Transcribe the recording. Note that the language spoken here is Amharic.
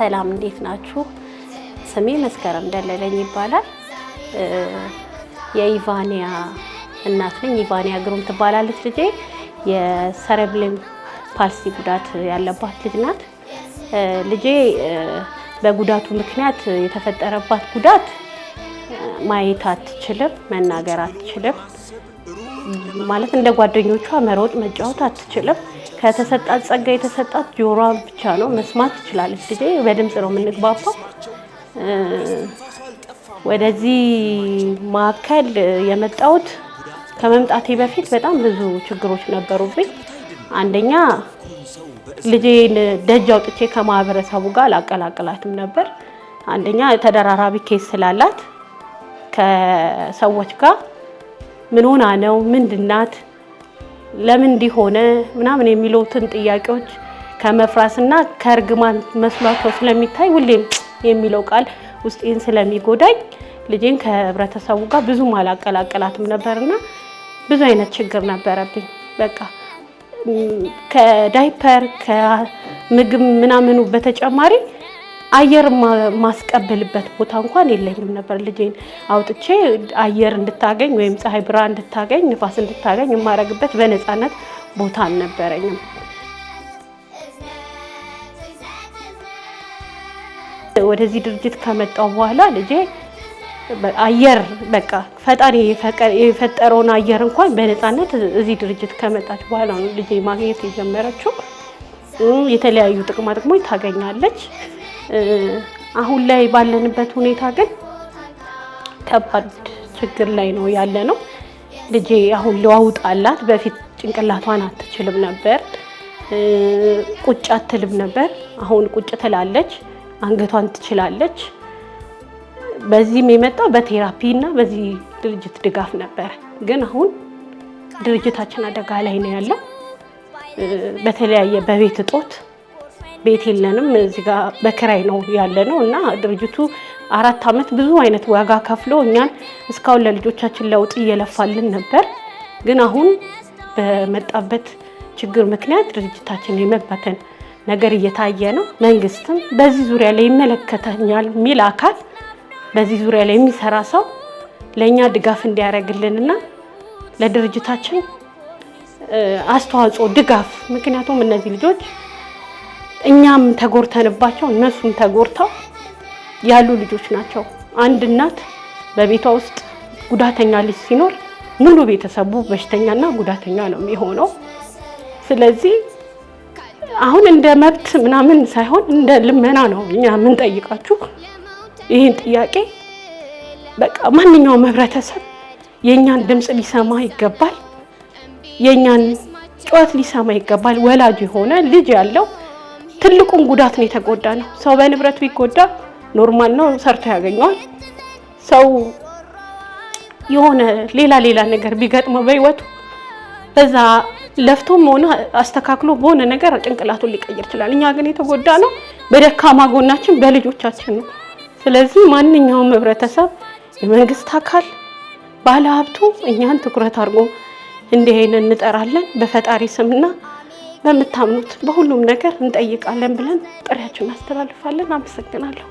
ሰላም እንዴት ናችሁ? ስሜ መስከረም ደለለኝ ይባላል። የኢቫንያ እናት ነኝ። ኢቫንያ ግሩም ትባላለች። ልጄ የሰረብሌም ፓልሲ ጉዳት ያለባት ልጅ ናት። ልጄ በጉዳቱ ምክንያት የተፈጠረባት ጉዳት ማየት አትችልም፣ መናገር አትችልም፣ ማለት እንደ ጓደኞቿ መሮጥ መጫወት አትችልም። ከተሰጣት ጸጋ የተሰጣት ጆሯ ብቻ ነው። መስማት ትችላለች። ልጄ በድምፅ ነው የምንግባባው። ወደዚህ ማዕከል የመጣሁት ከመምጣቴ በፊት በጣም ብዙ ችግሮች ነበሩብኝ። አንደኛ ልጄን ደጅ አውጥቼ ከማህበረሰቡ ጋር አላቀላቅላትም ነበር። አንደኛ ተደራራቢ ኬስ ስላላት ከሰዎች ጋር ምን ሆና ነው ምንድናት ለምን እንዲሆነ ምናምን የሚሉትን ጥያቄዎች ከመፍራስና ከእርግማን መስሏቸው ስለሚታይ ሁሌም የሚለው ቃል ውስጤን ስለሚጎዳኝ ልጄን ከህብረተሰቡ ጋር ብዙም አላቀላቀላትም ነበርና ብዙ አይነት ችግር ነበረብኝ። በቃ ከዳይፐር ከምግብ ምናምኑ በተጨማሪ አየር ማስቀበልበት ቦታ እንኳን የለኝም ነበር። ልጄን አውጥቼ አየር እንድታገኝ ወይም ፀሐይ ብርሃን እንድታገኝ ንፋስ እንድታገኝ የማረግበት በነፃነት ቦታ አልነበረኝም። ወደዚህ ድርጅት ከመጣው በኋላ ልጄ አየር በቃ ፈጣሪ የፈጠረውን አየር እንኳን በነፃነት እዚህ ድርጅት ከመጣች በኋላ ነው ልጄ ማግኘት የጀመረችው። የተለያዩ ጥቅማ ጥቅሞች ታገኛለች። አሁን ላይ ባለንበት ሁኔታ ግን ከባድ ችግር ላይ ነው ያለ ነው። ልጄ አሁን ለዋውጣላት አላት። በፊት ጭንቅላቷን አትችልም ነበር፣ ቁጭ አትልም ነበር። አሁን ቁጭ ትላለች፣ አንገቷን ትችላለች። በዚህም የመጣው በቴራፒ እና በዚህ ድርጅት ድጋፍ ነበር። ግን አሁን ድርጅታችን አደጋ ላይ ነው ያለው በተለያየ በቤት እጦት ቤት የለንም። እዚህ በክራይ ነው ያለ ነው እና ድርጅቱ አራት ዓመት ብዙ አይነት ዋጋ ከፍሎ እኛን እስካሁን ለልጆቻችን ለውጥ እየለፋልን ነበር። ግን አሁን በመጣበት ችግር ምክንያት ድርጅታችን የመበተን ነገር እየታየ ነው። መንግስትም በዚህ ዙሪያ ላይ ይመለከተኛል የሚል አካል በዚህ ዙሪያ ላይ የሚሰራ ሰው ለእኛ ድጋፍ እንዲያደርግልንና ለድርጅታችን አስተዋጽኦ ድጋፍ ምክንያቱም እነዚህ ልጆች እኛም ተጎርተንባቸው እነሱም ተጎርተው ያሉ ልጆች ናቸው። አንድ እናት በቤቷ ውስጥ ጉዳተኛ ልጅ ሲኖር ሙሉ ቤተሰቡ በሽተኛና ጉዳተኛ ነው የሚሆነው። ስለዚህ አሁን እንደ መብት ምናምን ሳይሆን እንደ ልመና ነው እኛ የምንጠይቃችሁ ይህን ጥያቄ። በቃ ማንኛውም ህብረተሰብ የእኛን ድምፅ ሊሰማ ይገባል። የእኛን ጩኸት ሊሰማ ይገባል። ወላጅ የሆነ ልጅ ያለው ትልቁን ጉዳት ነው የተጎዳ ነው። ሰው በንብረቱ ይጎዳ ኖርማል ነው፣ ሰርቶ ያገኘዋል። ሰው የሆነ ሌላ ሌላ ነገር ቢገጥመው በህይወቱ በዛ ለፍቶም ሆነ አስተካክሎ በሆነ ነገር ጭንቅላቱን ሊቀይር ይችላል። እኛ ግን የተጎዳ ነው በደካማ ጎናችን በልጆቻችን ነው። ስለዚህ ማንኛውም ህብረተሰብ፣ የመንግስት አካል፣ ባለሀብቱ እኛን ትኩረት አድርጎ እንዲህ አይነት እንጠራለን በፈጣሪ ስምና በምታምኑት በሁሉም ነገር እንጠይቃለን ብለን ጥሪያችሁን አስተላልፋለን አመሰግናለሁ።